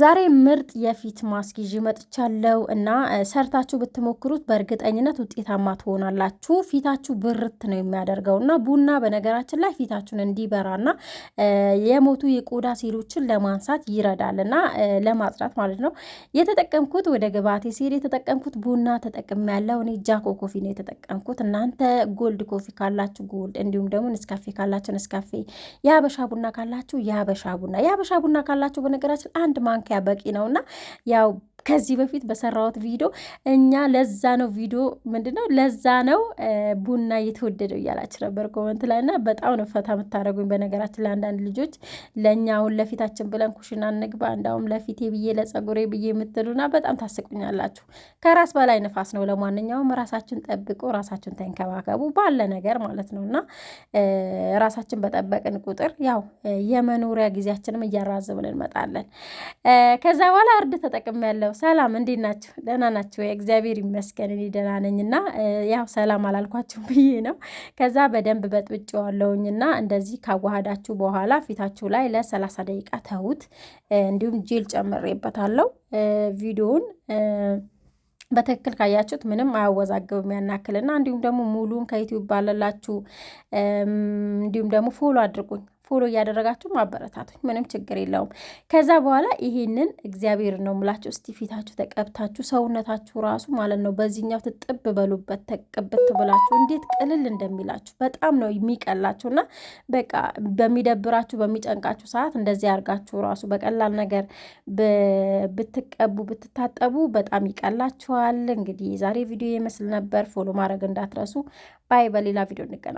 ዛሬ ምርጥ የፊት ማስክ ይዤ መጥቻለሁ እና ሰርታችሁ ብትሞክሩት በእርግጠኝነት ውጤታማ ትሆናላችሁ። ፊታችሁ ብርት ነው የሚያደርገው እና ቡና በነገራችን ላይ ፊታችሁን እንዲበራና የሞቱ የቆዳ ሴሎችን ለማንሳት ይረዳል እና ለማጽዳት ማለት ነው። የተጠቀምኩት ወደ ግብአቴ ሲሄድ የተጠቀምኩት ቡና ተጠቅም ያለው እኔ ጃኮ ኮፊ ነው የተጠቀምኩት። እናንተ ጎልድ ኮፊ ካላችሁ ጎልድ፣ እንዲሁም ደግሞ ንስካፌ ካላችሁ ንስካፌ፣ የሀበሻ ቡና ካላችሁ የሀበሻ ቡና የሀበሻ ቡና ካላችሁ በነገራችን አንድ ማን ማንኪያ በቂ ነውና ያው ከዚህ በፊት በሰራሁት ቪዲዮ እኛ ለዛ ነው ቪዲዮ ምንድነው ለዛ ነው ቡና እየተወደደው እያላችሁ ነበር ኮመንት ላይ እና በጣም ነው ፈታ የምታደርጉኝ። በነገራችን ለአንዳንድ ልጆች ለእኛ አሁን ለፊታችን ብለን ኩሽና እንግባ እንዳውም ለፊቴ ብዬ ለጸጉሬ ብዬ የምትሉና በጣም ታስቁኛላችሁ። ከራስ በላይ ነፋስ ነው። ለማንኛውም ራሳችን ጠብቁ፣ ራሳችን ተንከባከቡ፣ ባለ ነገር ማለት ነው እና ራሳችን በጠበቅን ቁጥር ያው የመኖሪያ ጊዜያችንም እያራዘምን እንመጣለን። ከዛ በኋላ እርድ ተጠቅሜያለሁ ያው ሰላም፣ እንዴት ናችሁ? ደህና ናችሁ? እግዚአብሔር ይመስገን እኔ ደህና ያው ሰላም አላልኳችሁ ብዬ ነው። ከዛ በደንብ በጥብጬዋለሁኝ እና እንደዚህ ካዋሃዳችሁ በኋላ ፊታችሁ ላይ ለሰላሳ ደቂቃ ተዉት። እንዲሁም ጄል ጨምሬበታለሁ። ቪዲዮውን በትክክል ካያችሁት ምንም አያወዛግብም ያናክልና፣ እንዲሁም ደግሞ ሙሉን ከዩቲዩብ ባለላችሁ እንዲሁም ደግሞ ፎሎ አድርጉኝ ፎሎ እያደረጋችሁ ማበረታቶች ምንም ችግር የለውም። ከዛ በኋላ ይሄንን እግዚአብሔር ነው ምላችሁ እስቲ ፊታችሁ ተቀብታችሁ ሰውነታችሁ ራሱ ማለት ነው በዚህኛው ትጥብ በሉበት ተቀብት ብላችሁ እንዴት ቅልል እንደሚላችሁ በጣም ነው የሚቀላችሁና በቃ በሚደብራችሁ በሚጨንቃችሁ ሰዓት እንደዚህ አድርጋችሁ ራሱ በቀላል ነገር ብትቀቡ ብትታጠቡ በጣም ይቀላችኋል። እንግዲህ የዛሬ ቪዲዮ ይመስል ነበር። ፎሎ ማድረግ እንዳትረሱ። ባይ። በሌላ ቪዲዮ እንገናኝ።